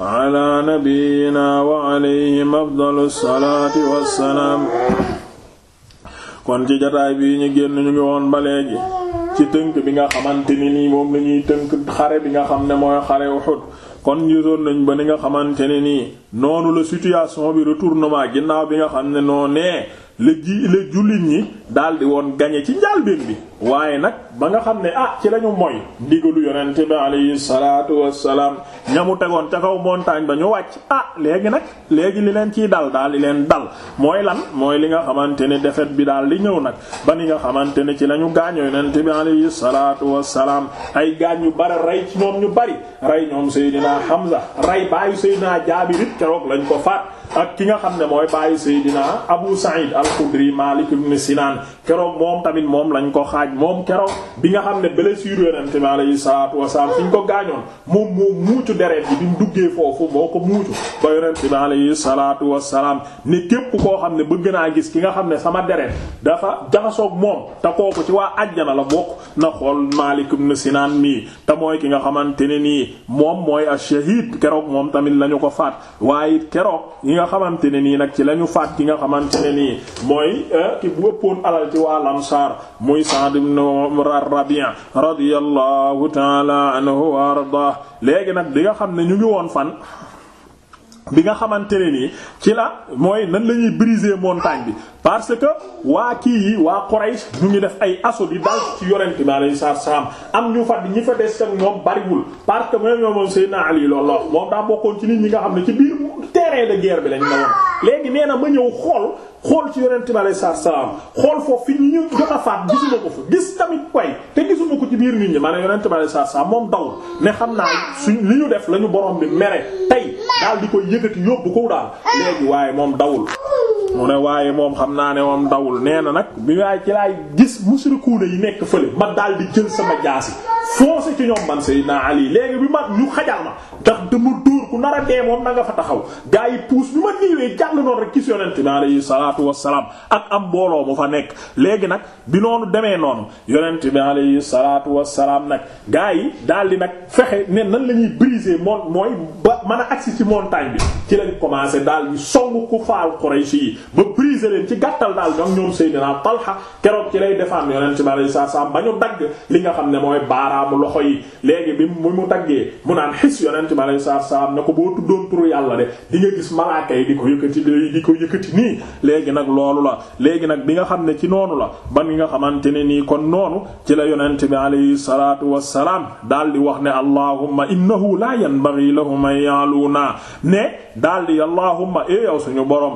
ala nabiyyina wa alayhim afdalu salaati wassalaam kon ci jataay bii ñu génn ñu ngi woon ba léegi ci tënk bi nga xamante ni nii moom la tënk xare bi nga xam ne mooy xare Uhud kon gisoon nañ ba ni nga xamante ne nii noonu la situation bi retournement ginnaaw bi nga xam ne noo nee la ji la jullit ñi daldi woon gañe ci biir bi waaye nag ba nga xam ne ah ci lañu moy ndigalu yonent bi alayhi salaatu wassalaam ñamu tegoon ca kaw montagne ba ñu wàcc ah léegi nag léegi li leen ciy dal daal di leen dal mooy lan mooy li nga xamante ne défaite bi daal di ñëw nag ba ni nga xamante ne ci lañu gaañoo yonent bi alayhi salaatu wassalaam ay gaañ yu bari rey ci ñoom ñu bari rey ñoom Seydina Hamza rey baayu Seydina Jaabir it keroog lañ ko faat ak ki nga xam ne mooy baayu Seydina Abu Sa'id al-Khudri Malik ibn Sinan keroog moom tamit moom lañ ko xaaj moom keroog bi nga xam ne blessure yonente bi alayhi salaatu wasalaam fi ñu ko gaañoon moom moo muucu deret bi bi mu duggee foofu moo ko muucu ba yonente bi alayhi salaatu wasalaam ne képp koo xam ne bëgg naa gis ki nga xam ne sama deret dafa jaxasoog moom te kooku ci waa ajjana la bokk na xool Maalik na Sinaan mii te mooy ki nga xamante ne nii moom mooy ash-shahiid keroog moom tamit lañu ko faat waaye it keroog yi nga xamante ne nii nag ci lañu faat ki nga xamante alal ci wal ansaar muy Sa'd ibn Rabi' radiyallahu ta'ala anhu wa ardaah léegi nag bi nga xam ne ñu ngi woon fan bi nga xamante ne nii ci la mooy nan lañuy ñuy briser bi parce que waa kii yi waa Quraysh ñu ngi def ay assaut bi dal ci yonent bi alayhi salaam am ñu fa ñi fa des ak ñoom bariwul parce que même ñoom moom Seydina Ali loolu la moom daa bokkoon ci nit ñi nga xam ne ci biir terrain de guerre bi lañ ne woon léegi nee na ma ñëw xool xool ci yonent bi alayhi salaam xool foofu fi ñu jot a faat gisuma ko fa gis tamit way te gisuma ko ci biir nit ñi ma ne yonent bi alayhi salaam moom dawul ne xam naa suñ li ñu def lañu ñu borom bi mere tey daal di koy yëgati yóbbu ko daal léegi waaye moom dawul. mu ne waaye moom xam naa ne moom dawul nee na nag bi waaye ci laay gis musrikuuna yi nekk fële ma daal di jël sama jaasi foncé ci ñoom man Seydina Ali léegi bi ma ñu xajal ma ndax dama dóor ku nar a dee moom na nga fa taxaw gaa yi puus bi ma niiwee jàll noonu rek gis yonent bi alayhi salaatu wassalaam ak am mbooloo mu fa nekk léegi nag bi noonu demee noonu yonent bi alayhi salaatu wassalaam nag gaa yi daal di nag fexe ne nan la ñuy briser moon mooy ba man a agsi ci montagne bi ci lañ commencé daal di song ku faal Quraysh yi ba briser leen ci gàttal daal ñoom ñoom s Talha keroog ci lay défendre yonent bi alayhi salaatu ba ñu li nga xam ne mooy baaraamu loxo yi léegi bi mu mu taggee mu naan xis yonent bi alayhi salaatu salaam ne ko boo tuddoon turu yàlla de di nga gis malaaka yi di ko yëkkati nii léegi nag loolu la léegi nag bi nga xam ne ci noonu la ban nga xamante ne nii kon noonu ci la yonent bi alayhi salaatu wassalaam daal di wax ne allahumma innahu la yanbaghi lahum an ya'luna ne daal di allahumma e yow suñu borom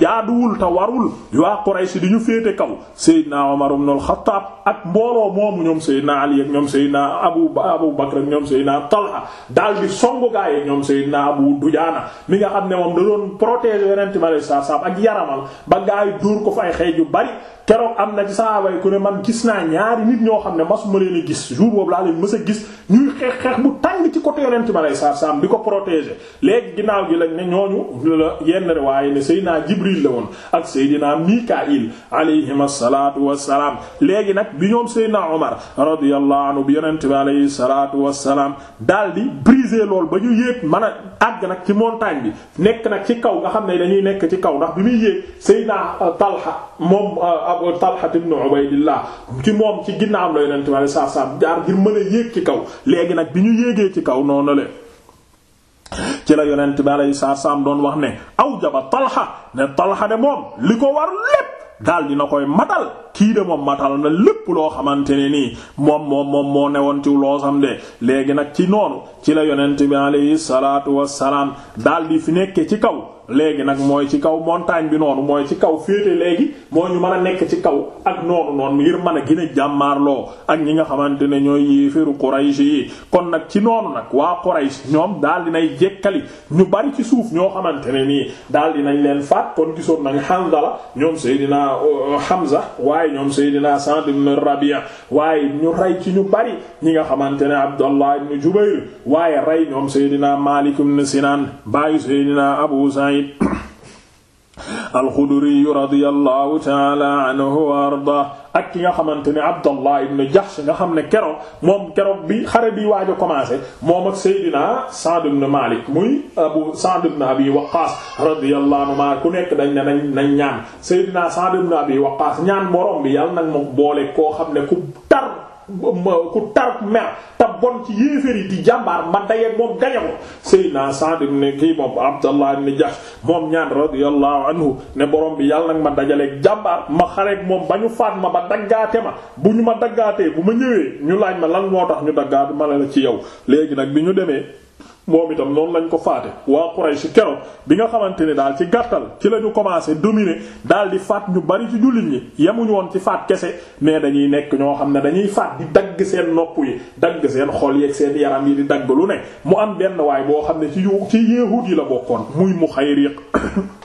jaaduwul te warul waa Quraysh di ñu féete kaw Seydina Umar ibn al-Khattab ak mbooloo moomu ñoom Seydina Ali ak ñoom Seydina Abu Abu Bakr ak ñoom Seydina Talha daal di songu gaa ñoom Seydina Abu Dujaana mi nga xam ne moom da doon protéger Yonent bi saa ak yaramal ba gaa yi dóor ko fa ay xeej yu bari keroog am na ci saaba yi ku ne man gis naa ñaari nit ñoo xam ne masuma leen a gis jour boobu laa leen mës a gis ñuy xeex xeex bu tàng ci côté Yonent bi saa saa bi ko protéger léegi ginnaaw gi lañ ne ñooñu la yenn riwaaya ne Seydina Jibril la woon ak Seydina Mikaayil alayhim as-salaatu wassalaam léegi nag bi ñoom Seydina yonent bi aleyhi salaatu wassalaam daal di priser lool ba ñu yéeg man a àgg nag ci montagne bi nekk nag ci kaw nga xam ne dañuy nekk ci kaw ndax bi muy yéeg Seydina Talha moom euh, Abu Talha ibn ci moom ci ginnaawam la yonent bi aleyhi salaatu jaar ngir mën a yéeg ci kaw léegi nag bi ñu yéegee ci kaw noonu la ci la yonent bi aleyhi salaatu wassalaam doon wax ne aw jaba Talha ne Talha de moom li ko war lépp daal dina koy matal kii de moom matal na lépp loo xamante ne nii moom moom moom moo newoon ci loosam de léegi nag ci noonu ci la yonent bi alayhi salaatu wassalaam daal di fi nekke ci kaw léegi nag mooy ci kaw montagne bi noonu mooy ci kaw féete léegi moo ñu mën a nekk ci kaw ak noonu noonu ngir mën a gën a jàmmaarloo ak ñi nga xamante ne ñooy yéefiru Quraysh yi kon nag ci noonu nag waa Quraysh ñoom daal dinay jekkali ñu bari ci suuf ñoo xamante ne nii daal dinañ leen faat kon gisoon nañ Hanzala ñoom Seydina uh, Hamza waaye waaye ñoom Seydina Sa'd ibn Rabi'a waaye ñu rey ci ñu bari ñi nga xamante ne Abdallah ibn Jubayr waaye rey ñoom Seydina Malik ibn Sinan baayu Seydina Abu Sa'id alxuduriyu radiyallahu taala anhu wa arda ak ki nga xamante ne Abdallah ibn Jahsh nga xam ne keroog moom keroog bi xare bi waaj a commencé moom ak Seydina Sa'd ibn Malik muy Abu Sa'd ibn Abi Waqqas radiyallahu anhu ku nekk dañ ne nañ nañ ñaan Seydina Sa'd ibn Abi Waqqas ñaan borom bi yàlla nag mu boole koo xam ne ku tar ku tar mer te bon ci yéeféer yi di jàmbaar man dayeeg moom gañe ko Seydina Sa'd ibn kii moom Abdallah ibn Jahsh moom ñaan radiyallahu anhu ne borom bi yàlla nag ma dajaleeg jàmbaar ma xareeg moom ba ñu faat ma ba daggaate ma bu ñu ma daggaatee bu ma ñëwee ñu laaj ma lan moo tax ñu daggaatu ma ne la ci yow léegi nag bi ñu demee moom itam noonu lañ ko faate waa Quraysh keroog bi nga xamante ne daal ci gàttal ci lañu ñu commencé dominer daal di faat ñu bari ci jullit ñi yemuñu woon ci faat kese mais dañuy nekk ñoo xam ne dañuy faat di dagg seen nopp yi dagg seen xol yeeg seen yaram yi di dagg lu ne mu am benn waay boo xam ne ci yu ci yéexut yi la bokkoon muy Muxayriq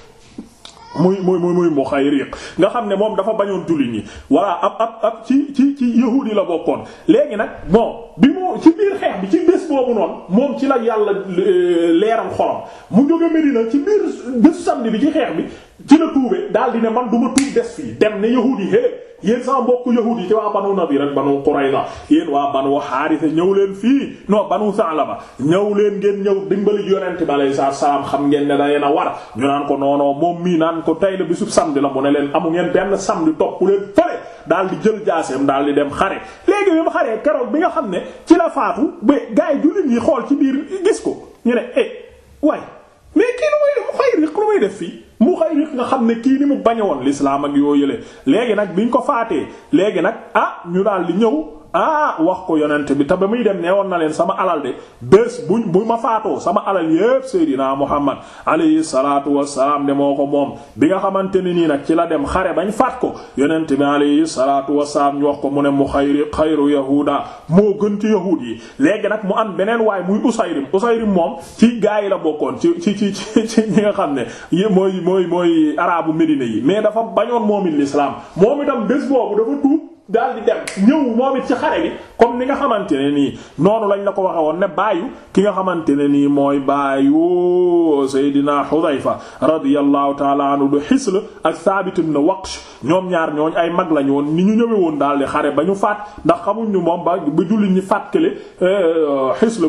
muy muy muy muy Muxayriq nga xam ne moom dafa bañoon jullit ñi voilà ab ab ab ci ci ci yahuud yi la bokkoon léegi nag bon bi mu ci biir xeex bi ci bés boobu noonu moom ci la yàlla euh, leeral xolam mu jóge Medina ci biir bés samedi bi ci xeex bi ci la tuube daal di ne man du ma tuub des fii dem ne yahuud yi hé yéen sama mbokku yahuud yi ci waa banu nabi rek banu Qurayza yéen waa ñëw leen fii non banu Saalaba ñëw leen ngeen ñëw dimbali yonent bi alayhi salaam xam ngeen ne da leen a war ñu naan ko noonoo moom mii naan ko tey la bisub samedi la mu ne leen amu ngeen benn samedi topp leen fële daal di jël jaaseem daal di dem xare léegi bi mu xaree keroog bi nga xam ne ci la faatu ba gaa yi jullit yi xool ci biir gis ko ñu ne eh waay mais kii lu may Muxayriq lu may def fii Muxayriq nga xam ne kii ni mu bañe woon l'islam ak yoo yële léegi nag biñ ko faatee léegi nag ah ñu daal di ñëw. ah wax ko yonent bi te ba muy dem nee woon na leen sama alal de bés buñ bu ma faatoo sama alal yépp seydinaa muhammad alayhi salaatu wassalaam de moo ko moom bi nga xamante ne nii nag ci la dem xare bañ faat ko yonent bi alayhi salaatu wassalaam ñu wax ko mu ne mu xayri xayru yahuda moo gën ci yahuud yi léegi nag mu am beneen waay muy usayrim usayrim moom ci gaa yi la bokkoon ci ci ci ci ñi nga xam ne mooy mooy mooy araabu médina yi mais dafa bañoon moom it l'islam daal di dem ñëw moom it ci xare bi comme ni nga xamante ne nii noonu lañ la ko waxe woon ne baayu ki nga xamante ne nii mooy baayu Seydina Xudayfa radiyallahu taala anhu du Hisl ak Saabit ibn Waqsh ñoom ñaar ñooñ ay mag lañu woon ni ñu ñëwe woon daal di xare ba ñu faat ndax xamuñ ñu moom ba ba jullit ñi faat kële euh, Hisl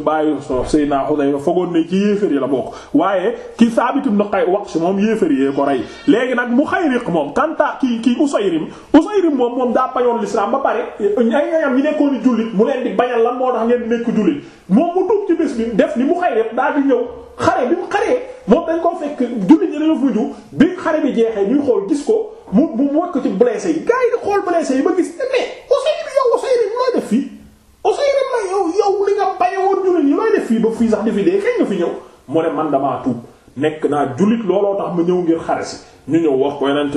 soo Seydina Xudayfa fogoon ne ci yéefar yi la bokk waaye ki Saabit ibn Waqsh moom yéefar yee ko rey léegi nag mu Muxayriq moom kanta ki ki Usayrim Usayrim moom moom daa payoon l'islam ba pare jullit mu leen di bañal lan moo tax ngeen mekk nekk jullit moom mu tuub ci bés bi def li mu xëy rek daal di ñëw xare bi mu xaree moom dañ koo fekk jullit ñi dañoo mujj bi xare bi jeexee ñuy xool gis ko mu mu wàcc ko ci blessé yi yi di xool blessé yi ba gis ne mais Usayr yow Usayr fii yow yow li nga bañe woon def fii ba fii sax di fi dee fi ñëw mu ne man damaa tuub. nekk naa jullit looloo tax ma ñëw ngir xare si ñu ñëw wax ko yonent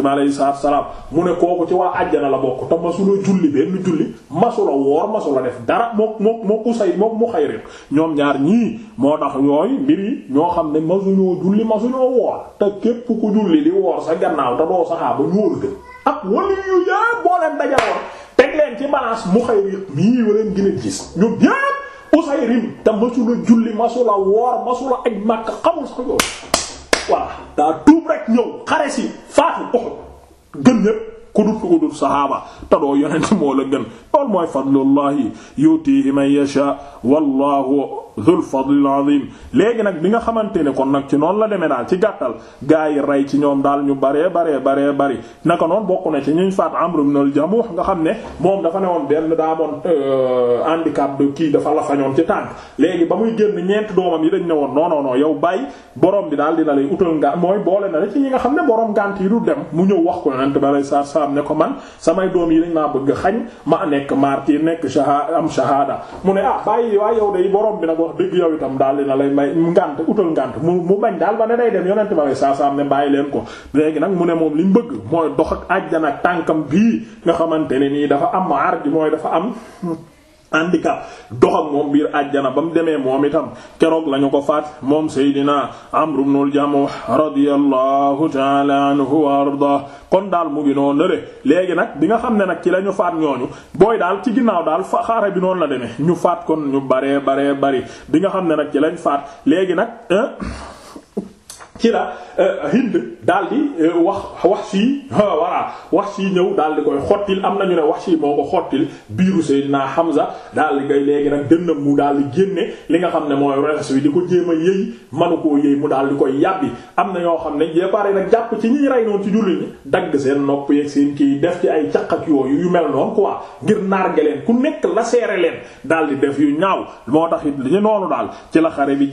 mu ne kooku ci waa àjjana la bokk te masula julli benn julli masula woor masula def dara mook mook mook usay mu xayri ñoom ñaar moo tax yooyu mbir ñoo xam ne masuñoo julli masuñoo woor te képp ku julli di woor sa gannaaw te doo saxaaba ñóolu gën ak wali mu xayri a gis ñu yëpp usay rim te masula julli masula woor masula quoi daa tuub rek ñëw xare si faatu Uhud gën ñépp ku dul ku saxaaba te doo yonent moo gën loolu mooy fadlullahi yutihi man yasha wallahu zul fadlil azim léegi nag bi nga xamante ne kon nag ci noonu la demee daal ci gàttal gaa yi rey ci ñoom daal ñu baree baree baree bari naka noonu bokk na ci ñuñ faat Amr ibn al-Jamuh nga xam ne moom dafa ne woon benn daa amoon euh, handicap de kii dafa la fañoon ci tànk léegi ba muy génn ñeenti doomam yi dañ ne woon non non non yow bàyyi borom bi daal dina lay utal nga mooy boole na la ñi nga xam ne borom gànt yi du dem mu ñëw wax ko yonent bi alayhi ko man samay doom yi dañ maa bëgg xañ ma nekk martyr nekk am shahada mu ne ah bàyyi waa yow day borom bi nag wax dëgg yow itam daal di na lay may ngànt utal ngànt mu mu bañ daal ba ne day dem yonent ba saa saa ne bàyyi ko léegi nag mu ne moom li mu mooy dox ak àjjana tànkam bii nga xamante ne nii dafa am aar gi mooy dafa am. handicap dox ak moom biir àjjana ba mu demee moom itam keroog lañu ko faat moom Seydina Amr ibn al-Jamuh radiyallahu ta'ala anhu arda kon daal mu ngi noonu léegi nag bi nga xam ne nag ci la ñu faat ñooñu booy daal ci ginnaaw daal fa xare bi noonu la demee ñu faat kon ñu baree baree bari bi nga xam ne nag ci lañ faat léegi nag ci la euh, Hind daal di euh, wax wax sii voilà wax sii ñëw daal di koy xottil am na ñu ne wax sii moo ko xottil biiru Seydina Hamza daal koy léegi nag dënnam mu daal di génne li nga xam ne mooy rees wi di ko jéem a yëy manu koo yëy mu daal di koy yàbbi am na ñoo xam ne yéppaare nag jàpp ci ñi rey noonu ci julli ñi dagg seen nopp yeeg seen kii def ci ay caqat yooyu yu mel noonu waa ngir narge leen ku nekk la seere leen daal di def yu ñaaw moo tax it li noonu daal ci la xare bi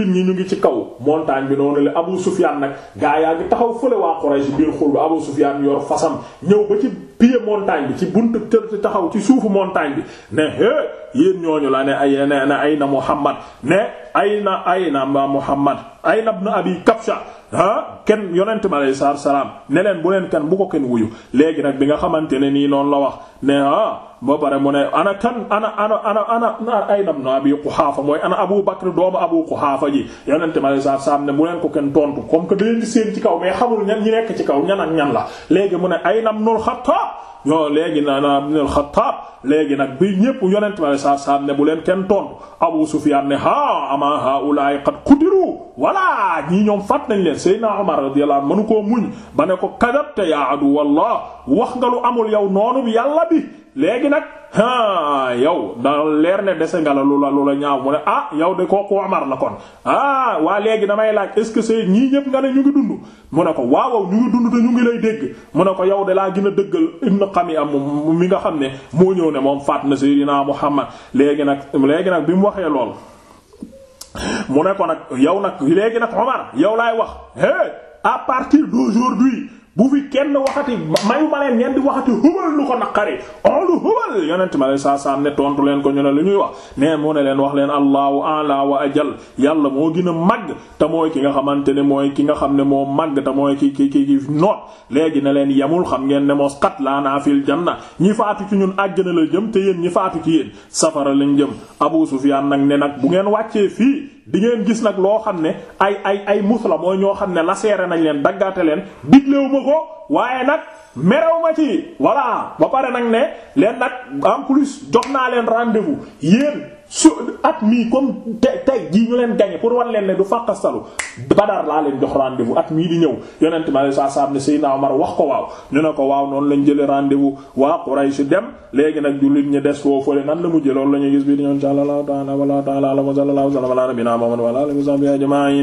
jullit ñi ñu ngi ci kaw montagne bi noonu la Abu Sufyaan nag gaa yaa ngi taxaw fële waa Quraysh biir xul bi Abu Sufyaan yor fasam ñëw ba ci pied montagne bi ci buntu tër ci taxaw ci suufu montagne bi ne é yéen ñooñu la ne ay ne ne ay na Muhammad ne ay na ay na ma Muhammad ay na ibn abi Kabsha ah kenn yonent mi aleyhi salaatu salaam ne leen bu leen kenn bu ko kenn wuyu léegi nag bi nga xamante ne nii noonu la wax ne ah ba pare mu ne ana kan ana ana ana ana ay na ibn abi Quhaafa mooy ana Abu Bakr doomu Abu Quhaafa ji yonent mi aleyhi salaatu salaam ne bu leen ko kenn tontu comme que da leen di seen ci kaw mais xamul ñan ñi nekk ci kaw ñan ak ñan la léegi mu ne ay na ibnul Xattaab ah yoo na nana ibn al-Xattaab léegi nag bi ñépp yonent bi saa saam ne bu leen kenn tontu Abu Sufyaan ne ha ama haula'i qad qutilu walla ñii ñoom faat nañ leen Seydina Umar radiyallahu anhu mënu koo muñ ba ne ko kadabta ya aduwallah wax nga lu amul yow noonu bi yàlla bi léegi nag ah yow da leer ne dese nga la lu la ñaaw mu ne ah yow de kooku Umar la kon ah waa léegi damay laaj est que c'est ñii ñépp nga ne ñu ngi dund mu ne ko waaw ñu ngi dund te ñu Qami'a mu mi nga xam ne moo ñëw ne moom faat na Seydina Muhammad léegi nag léegi nag bi mu waxee lool mu ne ko nag yow nag léegi nag Omar yow laay wax hey à partir d'aujourd'hui bu fi kenn waxati mayu ma leen ngeen di waxati hubal lu ko naqari oolu hubal yonent ma leen saa saam ne tontu leen ko ñu ne lu ñuy wax nee mu ne leen wax leen allahu ala wa ajal yàlla moo gën a màgg te mooy ki nga xamante ne mooy ki nga xam ne moo màgg te mooy ki ki ki ki noot léegi ne leen yamul xam ngeen ne mos xat laa naa fil janna ñi faatu ci ñun àjjana la jëm te yéen ñi faatu ci yéen safara lañ jëm Abu Sufyaan nag ne nag bu ngeen wàccee fii di ngeen gis nag loo xam ne ay ay ay mus la mooy ñoo xam ne laseere nañ leen daggaate leen diglewu ma ko waaye nag merew ma ci voilà ba pare nag ne leen nag en plus jox naa leen rendez-vous yéen su at mii comme te tey jii ñu leen gañe pour wan leen ne du fàqastalu Badar laa leen jox rendez-vous at mii di ñëw yonent mi alayhi salaam ne Seydina Omar wax ko waaw ñu ne ko waaw noonu lañ jële rendez-vous waa Quraysh dem léegi nag jullit ñu des foofu le nan la mujjee loolu la ñuy gis bi di ñoon insha Allah taala wala taala wa sallallahu ala nabina Muhammad wa ala alihi wa sahbihi ajma'in